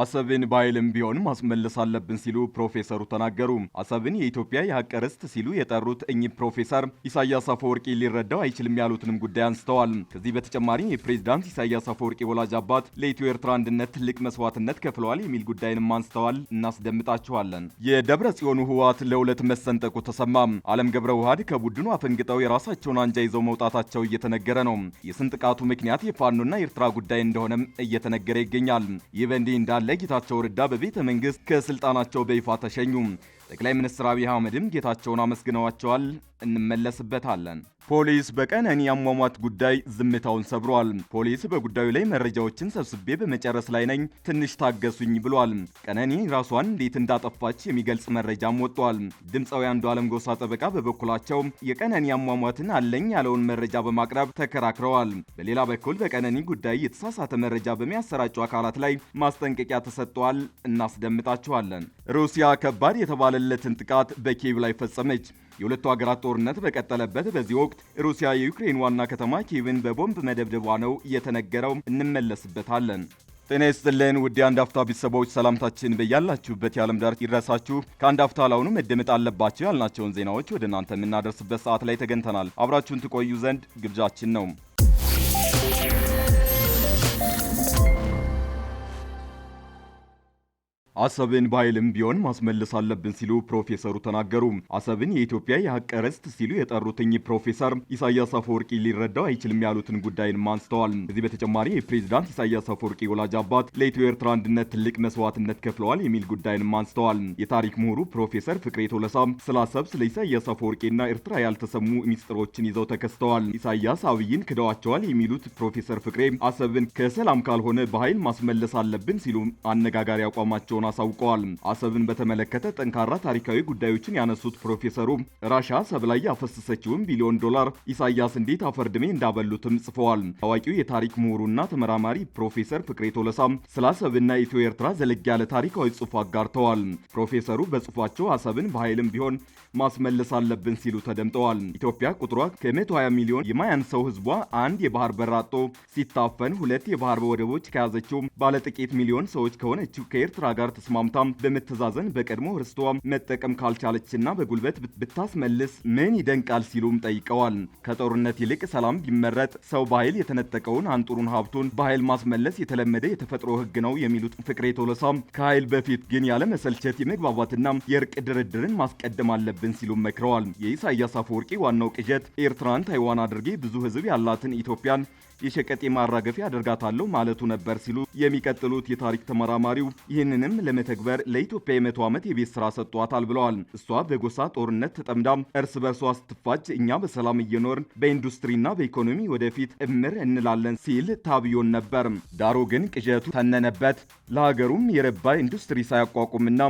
አሰብን በኃይልም ቢሆን ማስመለስ አለብን ሲሉ ፕሮፌሰሩ ተናገሩ። አሰብን የኢትዮጵያ የሀቅ ርስት ሲሉ የጠሩት እኚህ ፕሮፌሰር ኢሳያስ አፈወርቂ ሊረዳው አይችልም ያሉትንም ጉዳይ አንስተዋል። ከዚህ በተጨማሪ የፕሬዚዳንት ኢሳያስ አፈወርቂ ወላጅ አባት ለኢትዮ ኤርትራ አንድነት ትልቅ መስዋዕትነት ከፍለዋል የሚል ጉዳይንም አንስተዋል። እናስደምጣችኋለን። የደብረ ጽዮኑ ህወሓት ለሁለት መሰንጠቁ ተሰማ። አለም ገብረ ውሃድ ከቡድኑ አፈንግጠው የራሳቸውን አንጃ ይዘው መውጣታቸው እየተነገረ ነው። የስንጥቃቱ ምክንያት የፋኖና የኤርትራ ጉዳይ እንደሆነም እየተነገረ ይገኛል። ይህ በእንዲህ እንዳለ ለጌታቸው ረዳ በቤተ መንግስት ከስልጣናቸው በይፋ ተሸኙ። ጠቅላይ ሚኒስትር አብይ አህመድም ጌታቸውን አመስግነዋቸዋል። እንመለስበታለን። ፖሊስ በቀነኒ አሟሟት ጉዳይ ዝምታውን ሰብሯል። ፖሊስ በጉዳዩ ላይ መረጃዎችን ሰብስቤ በመጨረስ ላይ ነኝ፣ ትንሽ ታገሱኝ ብሏል። ቀነኒ ራሷን እንዴት እንዳጠፋች የሚገልጽ መረጃም ወጥቷል። ድምፃዊ ዓለም ጎሳ ጠበቃ በበኩላቸው የቀነኒ አሟሟትን አለኝ ያለውን መረጃ በማቅረብ ተከራክረዋል። በሌላ በኩል በቀነኒ ጉዳይ የተሳሳተ መረጃ በሚያሰራጩ አካላት ላይ ማስጠንቀቂያ ተሰጥቷል። እናስደምጣችኋለን። ሩሲያ ከባድ የተባለለትን ጥቃት በኪየቭ ላይ ፈጸመች። የሁለቱ ሀገራት ጦርነት በቀጠለበት በዚህ ወቅት ሩሲያ የዩክሬን ዋና ከተማ ኪቭን በቦምብ መደብደቧ ነው እየተነገረው። እንመለስበታለን። ጤና ይስጥልን ውድ የአንድ አፍታ ቤተሰቦች ሰላምታችን በያላችሁበት የዓለም ዳር ይድረሳችሁ። ከአንድ አፍታ ላሁኑ መደመጥ አለባቸው ያልናቸውን ዜናዎች ወደ እናንተ የምናደርስበት ሰዓት ላይ ተገኝተናል። አብራችሁን ትቆዩ ዘንድ ግብዣችን ነው። አሰብን በኃይልም ቢሆን ማስመለስ አለብን ሲሉ ፕሮፌሰሩ ተናገሩ። አሰብን የኢትዮጵያ የሀቅ ርስት ሲሉ የጠሩትኝ ፕሮፌሰር ኢሳያስ አፈወርቂ ሊረዳው አይችልም ያሉትን ጉዳይንም አንስተዋል። ከዚህ በተጨማሪ የፕሬዚዳንት ኢሳያስ አፈወርቂ ወላጅ አባት ለኢትዮ ኤርትራ አንድነት ትልቅ መስዋዕትነት ከፍለዋል የሚል ጉዳይንም አንስተዋል። የታሪክ ምሁሩ ፕሮፌሰር ፍቅሬ ቶለሳ ስለ አሰብ፣ ስለ ኢሳያስ አፈወርቂና ኤርትራ ያልተሰሙ ሚስጥሮችን ይዘው ተከስተዋል። ኢሳያስ አብይን ክደዋቸዋል የሚሉት ፕሮፌሰር ፍቅሬ አሰብን ከሰላም ካልሆነ በኃይል ማስመለስ አለብን ሲሉ አነጋጋሪ አቋማቸውን መሆኑን አሳውቀዋል። አሰብን በተመለከተ ጠንካራ ታሪካዊ ጉዳዮችን ያነሱት ፕሮፌሰሩ ራሻ አሰብ ላይ ያፈሰሰችውን ቢሊዮን ዶላር ኢሳያስ እንዴት አፈርድሜ እንዳበሉትም ጽፈዋል። ታዋቂው የታሪክ ምሁሩና ተመራማሪ ፕሮፌሰር ፍቅሬ ቶለሳም ስለ አሰብና ኢትዮ ኤርትራ ዘለግ ያለ ታሪካዊ ጽሑፍ አጋርተዋል። ፕሮፌሰሩ በጽሑፋቸው አሰብን በኃይልም ቢሆን ማስመለስ አለብን ሲሉ ተደምጠዋል። ኢትዮጵያ ቁጥሯ ከ120 ሚሊዮን የማያንሰው ህዝቧ አንድ የባህር በር ሲታፈን ሁለት የባህር ወደቦች ከያዘችው ባለጥቂት ሚሊዮን ሰዎች ከሆነችው ከኤርትራ ጋር ተስማምታ በመተዛዘን በቀድሞ ርስቷ መጠቀም ካልቻለችና በጉልበት ብታስመልስ ምን ይደንቃል ሲሉም ጠይቀዋል። ከጦርነት ይልቅ ሰላም ቢመረጥ ሰው በኃይል የተነጠቀውን አንጡሩን ሀብቱን በኃይል ማስመለስ የተለመደ የተፈጥሮ ሕግ ነው የሚሉት ፍቅሬ ቶሎሳ ከኃይል በፊት ግን ያለ መሰልቸት የመግባባትና የእርቅ ድርድርን ማስቀደም አለብን ሲሉም መክረዋል። የኢሳያስ አፈወርቂ ዋናው ቅዠት ኤርትራን ታይዋን አድርጌ ብዙ ሕዝብ ያላትን ኢትዮጵያን የሸቀጤ ማራገፊያ አደርጋታለሁ ማለቱ ነበር ሲሉ የሚቀጥሉት የታሪክ ተመራማሪው ይህንንም ለመተግበር ለኢትዮጵያ የመቶ ዓመት የቤት ስራ ሰጥቷታል ብለዋል። እሷ በጎሳ ጦርነት ተጠምዳ እርስ በርሷ ስትፋጅ፣ እኛ በሰላም እየኖርን በኢንዱስትሪና በኢኮኖሚ ወደፊት እምር እንላለን ሲል ታብዮን ነበር። ዳሩ ግን ቅዠቱ ተነነበት። ለሀገሩም የረባ ኢንዱስትሪ ሳያቋቁምና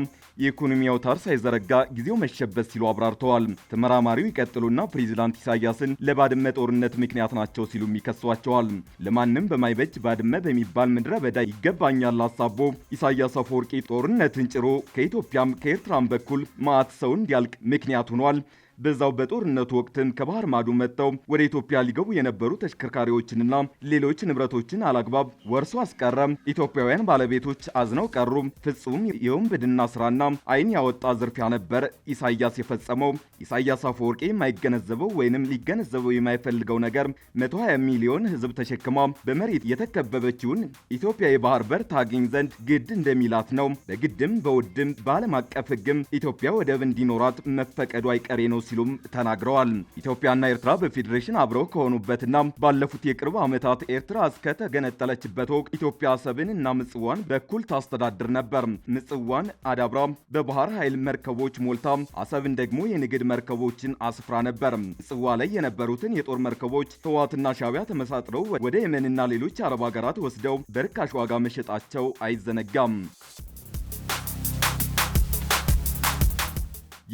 የኢኮኖሚ አውታር ሳይዘረጋ ጊዜው መሸበት ሲሉ አብራርተዋል። ተመራማሪው ይቀጥሉና ፕሬዚዳንት ኢሳያስን ለባድመ ጦርነት ምክንያት ናቸው ሲሉም ይከሷቸዋል። ለማንም በማይበጅ ባድመ በሚባል ምድረ በዳ ይገባኛል አሳቦ ኢሳያስ አፈወርቂ ጦርነትን ጭሮ ከኢትዮጵያም ከኤርትራም በኩል መዓት ሰው እንዲያልቅ ምክንያት ሆኗል። በዛው በጦርነቱ ወቅትም ከባህር ማዶ መጥተው ወደ ኢትዮጵያ ሊገቡ የነበሩ ተሽከርካሪዎችንና ሌሎች ንብረቶችን አላግባብ ወርሶ አስቀረም። ኢትዮጵያውያን ባለቤቶች አዝነው ቀሩ። ፍጹም የወንብድና ስራና አይን ያወጣ ዝርፊያ ነበር ኢሳያስ የፈጸመው። ኢሳያስ አፈወርቄ የማይገነዘበው ወይንም ሊገነዘበው የማይፈልገው ነገር 120 ሚሊዮን ህዝብ ተሸክማ በመሬት የተከበበችውን ኢትዮጵያ የባህር በር ታገኝ ዘንድ ግድ እንደሚላት ነው። በግድም በውድም በዓለም አቀፍ ህግም ኢትዮጵያ ወደብ እንዲኖራት መፈቀዱ አይቀሬ ነው ሲሉም ተናግረዋል። ኢትዮጵያና ኤርትራ በፌዴሬሽን አብረው ከሆኑበትና ባለፉት የቅርብ ዓመታት ኤርትራ እስከተገነጠለችበት ወቅት ኢትዮጵያ አሰብን እና ምጽዋን በኩል ታስተዳድር ነበር። ምጽዋን አዳብራ በባህር ኃይል መርከቦች ሞልታ አሰብን ደግሞ የንግድ መርከቦችን አስፍራ ነበር። ምጽዋ ላይ የነበሩትን የጦር መርከቦች ህወሓትና ሻቢያ ተመሳጥረው ወደ የመንና ሌሎች አረብ ሀገራት ወስደው በርካሽ ዋጋ መሸጣቸው አይዘነጋም።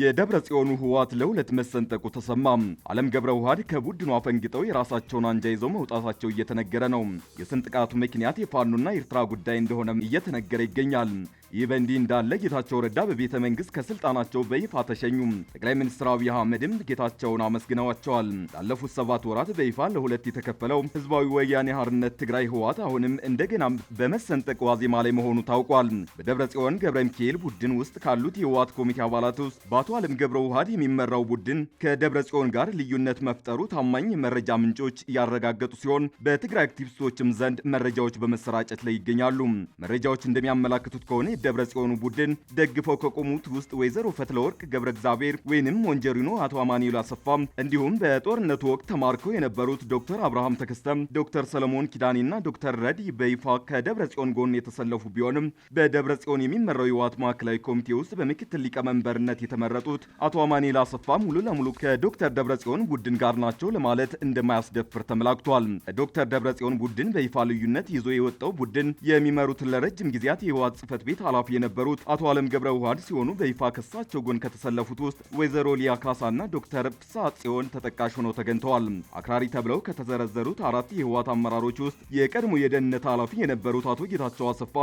የደብረ ጽዮኑ ህወሓት ለሁለት መሰንጠቁ ተሰማ። አለም ገብረ ውሃድ ከቡድኑ አፈንግጠው የራሳቸውን አንጃ ይዘው መውጣታቸው እየተነገረ ነው። የስንጥቃቱ ምክንያት የፋኖና የኤርትራ ጉዳይ እንደሆነም እየተነገረ ይገኛል። ይህ በእንዲህ እንዳለ ጌታቸው ረዳ በቤተ መንግስት ከስልጣናቸው በይፋ ተሸኙ። ጠቅላይ ሚኒስትር አብይ አህመድም ጌታቸውን አመስግነዋቸዋል። ላለፉት ሰባት ወራት በይፋ ለሁለት የተከፈለው ህዝባዊ ወያኔ ሀርነት ትግራይ ህዋት አሁንም እንደገና በመሰንጠቅ ዋዜማ ላይ መሆኑ ታውቋል። በደብረ ጽዮን ገብረ ሚካኤል ቡድን ውስጥ ካሉት የህዋት ኮሚቴ አባላት ውስጥ በአቶ አለም ገብረ ውሃድ የሚመራው ቡድን ከደብረ ጽዮን ጋር ልዩነት መፍጠሩ ታማኝ መረጃ ምንጮች ያረጋገጡ ሲሆን በትግራይ አክቲቪስቶችም ዘንድ መረጃዎች በመሰራጨት ላይ ይገኛሉ። መረጃዎች እንደሚያመላክቱት ከሆነ ደብረ ጽዮኑ ቡድን ደግፈው ከቆሙት ውስጥ ወይዘሮ ፈትለወርቅ ገብረ እግዚአብሔር ወይንም ሞንጀሪኖ አቶ አማኑኤል አሰፋ እንዲሁም በጦርነቱ ወቅት ተማርከው የነበሩት ዶክተር አብርሃም ተከስተም ዶክተር ሰለሞን ኪዳኔና ዶክተር ረዲ በይፋ ከደብረ ጽዮን ጎን የተሰለፉ ቢሆንም በደብረ ጽዮን የሚመራው የህወሓት ማዕከላዊ ኮሚቴ ውስጥ በምክትል ሊቀመንበርነት የተመረጡት አቶ አማኑኤል አሰፋ ሙሉ ለሙሉ ከዶክተር ደብረ ጽዮን ቡድን ጋር ናቸው ለማለት እንደማያስደፍር ተመላክቷል። ዶክተር ደብረ ጽዮን ቡድን በይፋ ልዩነት ይዞ የወጣው ቡድን የሚመሩትን ለረጅም ጊዜያት የህወሓት ጽህፈት ቤት ኃላፊ የነበሩት አቶ አለም ገብረ ውሃድ ሲሆኑ በይፋ ከሳቸው ጎን ከተሰለፉት ውስጥ ወይዘሮ ሊያ ካሳና ዶክተር ፍሳ ጽዮን ተጠቃሽ ሆነው ተገኝተዋል። አክራሪ ተብለው ከተዘረዘሩት አራት የህወሓት አመራሮች ውስጥ የቀድሞ የደህንነት ኃላፊ የነበሩት አቶ ጌታቸው አሰፋ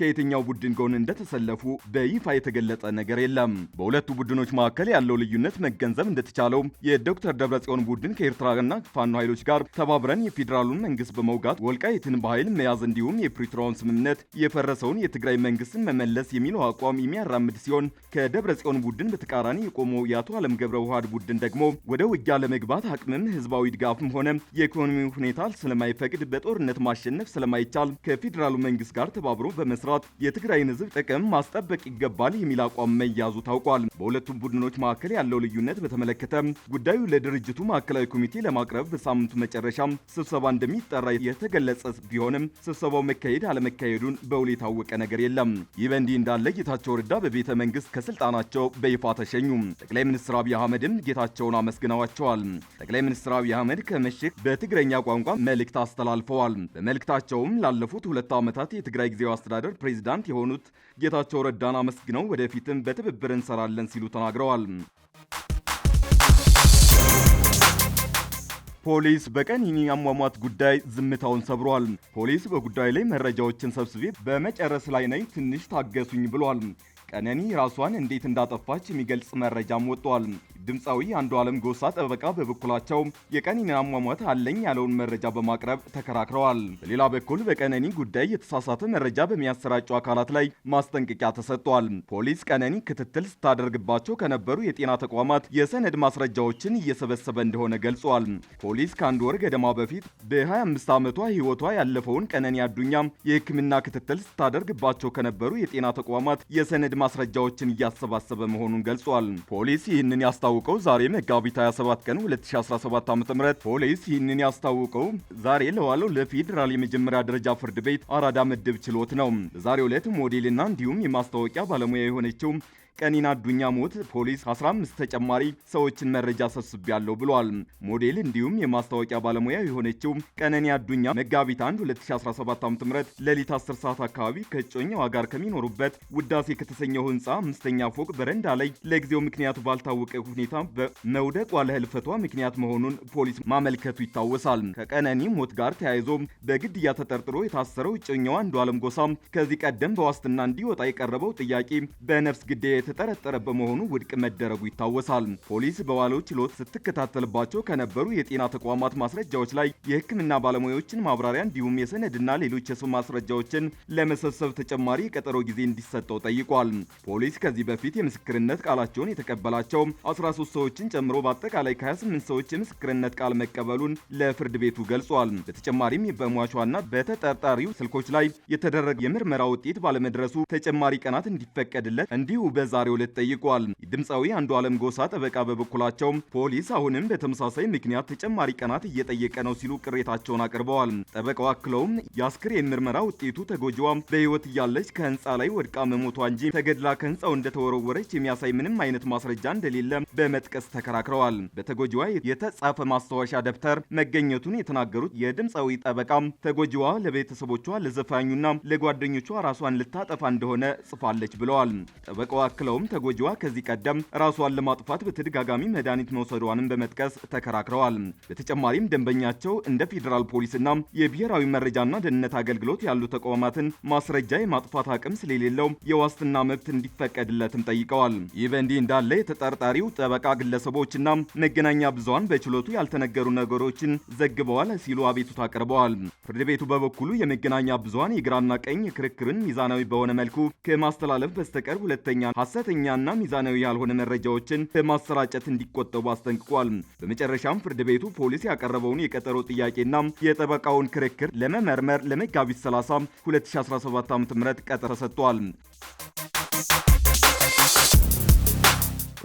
ከየትኛው ቡድን ጎን እንደተሰለፉ በይፋ የተገለጸ ነገር የለም። በሁለቱ ቡድኖች መካከል ያለው ልዩነት መገንዘብ እንደተቻለው የዶክተር ደብረጽዮን ቡድን ከኤርትራና ፋኖ ኃይሎች ጋር ተባብረን የፌዴራሉን መንግስት በመውጋት ወልቃይትን በኃይል መያዝ እንዲሁም የፕሪቶሪያውን ስምምነት የፈረሰውን የትግራይ መንግስትን መመለስ የሚለው አቋም የሚያራምድ ሲሆን ከደብረ ጽዮን ቡድን በተቃራኒ የቆመው የአቶ አለም ገብረ ውሃድ ቡድን ደግሞ ወደ ውጊያ ለመግባት አቅምም ህዝባዊ ድጋፍም ሆነ የኢኮኖሚ ሁኔታ ስለማይፈቅድ በጦርነት ማሸነፍ ስለማይቻል ከፌዴራሉ መንግስት ጋር ተባብሮ በመስራት የትግራይን ህዝብ ጥቅም ማስጠበቅ ይገባል የሚል አቋም መያዙ ታውቋል። በሁለቱም ቡድኖች መካከል ያለው ልዩነት በተመለከተ ጉዳዩ ለድርጅቱ ማዕከላዊ ኮሚቴ ለማቅረብ በሳምንቱ መጨረሻ ስብሰባ እንደሚጠራ የተገለጸ ቢሆንም ስብሰባው መካሄድ አለመካሄዱን በውል የታወቀ ነገር የለም። ይህ በእንዲህ እንዳለ ጌታቸው ረዳ በቤተ መንግስት ከስልጣናቸው በይፋ ተሸኙ። ጠቅላይ ሚኒስትር አብይ አህመድም ጌታቸውን አመስግነዋቸዋል። ጠቅላይ ሚኒስትር አብይ አህመድ ከምሽት በትግረኛ ቋንቋ መልእክት አስተላልፈዋል። በመልእክታቸውም ላለፉት ሁለት ዓመታት የትግራይ ጊዜያዊ አስተዳደር ፕሬዚዳንት የሆኑት ጌታቸው ረዳን አመስግነው ወደፊትም በትብብር እንሰራለን ሲሉ ተናግረዋል። ፖሊስ በቀነኒ አሟሟት ጉዳይ ዝምታውን ሰብሯል። ፖሊስ በጉዳዩ ላይ መረጃዎችን ሰብስቤ በመጨረስ ላይ ነኝ፣ ትንሽ ታገሱኝ ብሏል። ቀነኒ ራሷን እንዴት እንዳጠፋች የሚገልጽ መረጃም ወጥቷል። ድምፃዊ አንዱ ዓለም ጎሳ ጠበቃ በበኩላቸው የቀነኒን አሟሟት አለኝ ያለውን መረጃ በማቅረብ ተከራክረዋል። በሌላ በኩል በቀነኒ ጉዳይ የተሳሳተ መረጃ በሚያሰራጩ አካላት ላይ ማስጠንቀቂያ ተሰጥቷል። ፖሊስ ቀነኒ ክትትል ስታደርግባቸው ከነበሩ የጤና ተቋማት የሰነድ ማስረጃዎችን እየሰበሰበ እንደሆነ ገልጿል። ፖሊስ ከአንድ ወር ገደማ በፊት በ25 ዓመቷ ሕይወቷ ያለፈውን ቀነኒ አዱኛ የሕክምና ክትትል ስታደርግባቸው ከነበሩ የጤና ተቋማት የሰነድ ማስረጃዎችን እያሰባሰበ መሆኑን ገልጿል። ፖሊስ ይህንን ያስታው ያስታውቀው ዛሬ መጋቢት 27 ቀን 2017 ዓ.ም ፖሊስ ይህንን ያስታውቀው ዛሬ ለዋለው ለፌዴራል የመጀመሪያ ደረጃ ፍርድ ቤት አራዳ ምድብ ችሎት ነው። በዛሬው ዕለት ሞዴልና እንዲሁም የማስታወቂያ ባለሙያ የሆነችው ቀኒና አዱኛ ሞት ፖሊስ 15 ተጨማሪ ሰዎችን መረጃ ሰብስቤያለሁ ብሏል። ሞዴል እንዲሁም የማስታወቂያ ባለሙያ የሆነችው ቀነኒ አዱኛ መጋቢት 1 2017 ዓ.ም ሌሊት 10 ሰዓት አካባቢ ከእጮኛዋ ጋር ከሚኖሩበት ውዳሴ ከተሰኘው ህንፃ አምስተኛ ፎቅ በረንዳ ላይ ለጊዜው ምክንያቱ ባልታወቀ ሁኔታ በመውደቋ ለህልፈቷ ምክንያት መሆኑን ፖሊስ ማመልከቱ ይታወሳል። ከቀነኒ ሞት ጋር ተያይዞ በግድያ ተጠርጥሮ የታሰረው እጮኛዋ አንዱ አለም ጎሳ ከዚህ ቀደም በዋስትና እንዲወጣ የቀረበው ጥያቄ በነፍስ ግዴ የተጠረጠረ በመሆኑ ውድቅ መደረጉ ይታወሳል። ፖሊስ በዋለው ችሎት ስትከታተልባቸው ከነበሩ የጤና ተቋማት ማስረጃዎች ላይ የሕክምና ባለሙያዎችን ማብራሪያ እንዲሁም የሰነድና ሌሎች የሰው ማስረጃዎችን ለመሰብሰብ ተጨማሪ የቀጠሮ ጊዜ እንዲሰጠው ጠይቋል። ፖሊስ ከዚህ በፊት የምስክርነት ቃላቸውን የተቀበላቸው 13 ሰዎችን ጨምሮ በአጠቃላይ ከ28 ሰዎች የምስክርነት ቃል መቀበሉን ለፍርድ ቤቱ ገልጿል። በተጨማሪም በሟቿና በተጠርጣሪው ስልኮች ላይ የተደረገ የምርመራ ውጤት ባለመድረሱ ተጨማሪ ቀናት እንዲፈቀድለት እንዲሁ በዛ በዛሬው ዕለት ጠይቋል። ድምፃዊ አንዱ ዓለም ጎሳ ጠበቃ በበኩላቸው ፖሊስ አሁንም በተመሳሳይ ምክንያት ተጨማሪ ቀናት እየጠየቀ ነው ሲሉ ቅሬታቸውን አቅርበዋል። ጠበቃው አክለውም የአስክሬን ምርመራ ውጤቱ ተጎጂዋ በሕይወት እያለች ከህንፃ ላይ ወድቃ መሞቷ እንጂ ተገድላ ከህንፃው እንደተወረወረች የሚያሳይ ምንም አይነት ማስረጃ እንደሌለ በመጥቀስ ተከራክረዋል። በተጎጂዋ የተጻፈ ማስታወሻ ደብተር መገኘቱን የተናገሩት የድምፃዊ ጠበቃ ተጎጂዋ ለቤተሰቦቿ፣ ለዘፋኙና ለጓደኞቿ ራሷን ልታጠፋ እንደሆነ ጽፋለች ብለዋል። ጠበቃው አክለው አክለውም ተጎጂዋ ከዚህ ቀደም ራሷን ለማጥፋት በተደጋጋሚ መድኃኒት መውሰዷንም በመጥቀስ ተከራክረዋል። በተጨማሪም ደንበኛቸው እንደ ፌዴራል ፖሊስና የብሔራዊ መረጃና ደህንነት አገልግሎት ያሉ ተቋማትን ማስረጃ የማጥፋት አቅም ስለሌለው የዋስትና መብት እንዲፈቀድለትም ጠይቀዋል። ይህ በእንዲህ እንዳለ የተጠርጣሪው ጠበቃ ግለሰቦችና መገናኛ ብዙሃን በችሎቱ ያልተነገሩ ነገሮችን ዘግበዋል ሲሉ አቤቱታ አቅርበዋል። ፍርድ ቤቱ በበኩሉ የመገናኛ ብዙሃን የግራና ቀኝ ክርክርን ሚዛናዊ በሆነ መልኩ ከማስተላለፍ በስተቀር ሁለተኛ ሐሰተኛና ሚዛናዊ ያልሆነ መረጃዎችን በማሰራጨት እንዲቆጠቡ አስጠንቅቋል። በመጨረሻም ፍርድ ቤቱ ፖሊስ ያቀረበውን የቀጠሮ ጥያቄና የጠበቃውን ክርክር ለመመርመር ለመጋቢት 30 2017 ዓ.ም ቀጠሮ ሰጥቷል።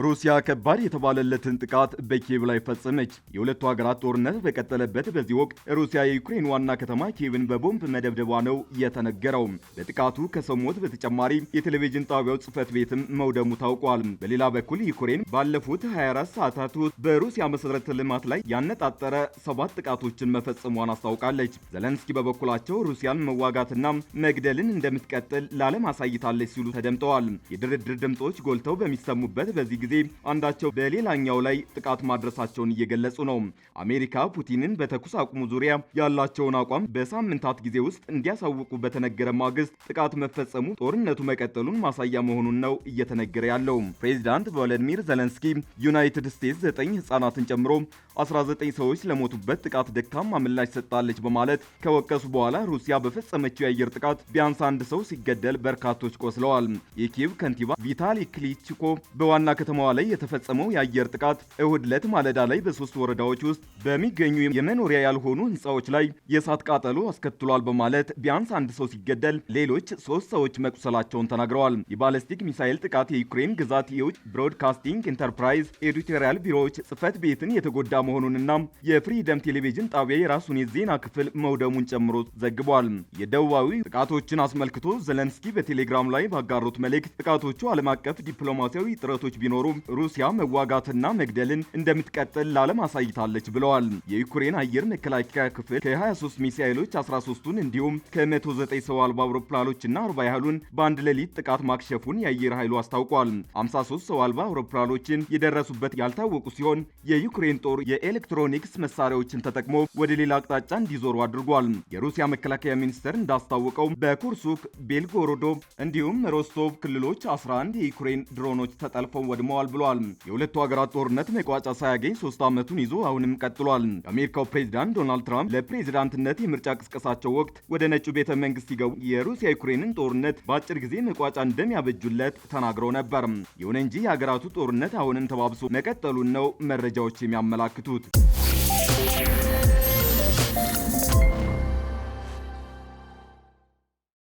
ሩሲያ ከባድ የተባለለትን ጥቃት በኪየቭ ላይ ፈጸመች። የሁለቱ ሀገራት ጦርነት በቀጠለበት በዚህ ወቅት ሩሲያ የዩክሬን ዋና ከተማ ኪየቭን በቦምብ መደብደቧ ነው የተነገረው። በጥቃቱ ከሰው ሞት በተጨማሪ የቴሌቪዥን ጣቢያው ጽህፈት ቤትም መውደሙ ታውቋል። በሌላ በኩል ዩክሬን ባለፉት 24 ሰዓታት ውስጥ በሩሲያ መሠረተ ልማት ላይ ያነጣጠረ ሰባት ጥቃቶችን መፈጸሟን አስታውቃለች። ዘለንስኪ በበኩላቸው ሩሲያን መዋጋትና መግደልን እንደምትቀጥል ለዓለም አሳይታለች ሲሉ ተደምጠዋል። የድርድር ድምፆች ጎልተው በሚሰሙበት በዚህ ጊዜ ጊዜ አንዳቸው በሌላኛው ላይ ጥቃት ማድረሳቸውን እየገለጹ ነው። አሜሪካ ፑቲንን በተኩስ አቁሙ ዙሪያ ያላቸውን አቋም በሳምንታት ጊዜ ውስጥ እንዲያሳውቁ በተነገረ ማግስት ጥቃት መፈጸሙ ጦርነቱ መቀጠሉን ማሳያ መሆኑን ነው እየተነገረ ያለው። ፕሬዚዳንት ቮሎዲሚር ዘለንስኪ ዩናይትድ ስቴትስ ዘጠኝ ህጻናትን ጨምሮ 19 ሰዎች ለሞቱበት ጥቃት ደካማ ምላሽ ሰጥታለች በማለት ከወቀሱ በኋላ ሩሲያ በፈጸመችው የአየር ጥቃት ቢያንስ አንድ ሰው ሲገደል በርካቶች ቆስለዋል። የኪየቭ ከንቲባ ቪታሊ ክሊችኮ በዋና ከተማዋ ላይ የተፈጸመው የአየር ጥቃት እሁድ ዕለት ማለዳ ላይ በሶስት ወረዳዎች ውስጥ በሚገኙ የመኖሪያ ያልሆኑ ሕንፃዎች ላይ የእሳት ቃጠሎ አስከትሏል በማለት ቢያንስ አንድ ሰው ሲገደል ሌሎች ሶስት ሰዎች መቁሰላቸውን ተናግረዋል። የባለስቲክ ሚሳይል ጥቃት የዩክሬን ግዛት የውጭ ብሮድካስቲንግ ኢንተርፕራይዝ ኤዲቶሪያል ቢሮዎች ጽህፈት ቤትን የተጎዳ መሆኑንና የፍሪደም ቴሌቪዥን ጣቢያ የራሱን የዜና ክፍል መውደሙን ጨምሮ ዘግቧል። የደቡባዊ ጥቃቶችን አስመልክቶ ዘለንስኪ በቴሌግራም ላይ ባጋሩት መልእክት ጥቃቶቹ ዓለም አቀፍ ዲፕሎማሲያዊ ጥረቶች ቢኖሩ ሩሲያ መዋጋትና መግደልን እንደምትቀጥል ለዓለም አሳይታለች ብለዋል። የዩክሬን አየር መከላከያ ክፍል ከ23 ሚሳኤሎች 13ቱን እንዲሁም ከ109 ሰው አልባ አውሮፕላኖችና 40 ያህሉን በአንድ ሌሊት ጥቃት ማክሸፉን የአየር ኃይሉ አስታውቋል። 53 ሰው አልባ አውሮፕላኖችን የደረሱበት ያልታወቁ ሲሆን የዩክሬን ጦር የኤሌክትሮኒክስ መሳሪያዎችን ተጠቅሞ ወደ ሌላ አቅጣጫ እንዲዞሩ አድርጓል። የሩሲያ መከላከያ ሚኒስቴር እንዳስታወቀው በኩርሱክ፣ ቤልጎሮዶ እንዲሁም ሮስቶቭ ክልሎች 11 የዩክሬን ድሮኖች ተጠልፈው ወድመዋል ብሏል። የሁለቱ ሀገራት ጦርነት መቋጫ ሳያገኝ ሶስት ዓመቱን ይዞ አሁንም ቀጥሏል። የአሜሪካው ፕሬዚዳንት ዶናልድ ትራምፕ ለፕሬዚዳንትነት የምርጫ ቅስቀሳቸው ወቅት ወደ ነጩ ቤተ መንግስት ሲገቡ የሩሲያ ዩክሬንን ጦርነት በአጭር ጊዜ መቋጫ እንደሚያበጁለት ተናግረው ነበር። ይሁን እንጂ የሀገራቱ ጦርነት አሁንም ተባብሶ መቀጠሉን ነው መረጃዎች የሚያመላክቱ። тут.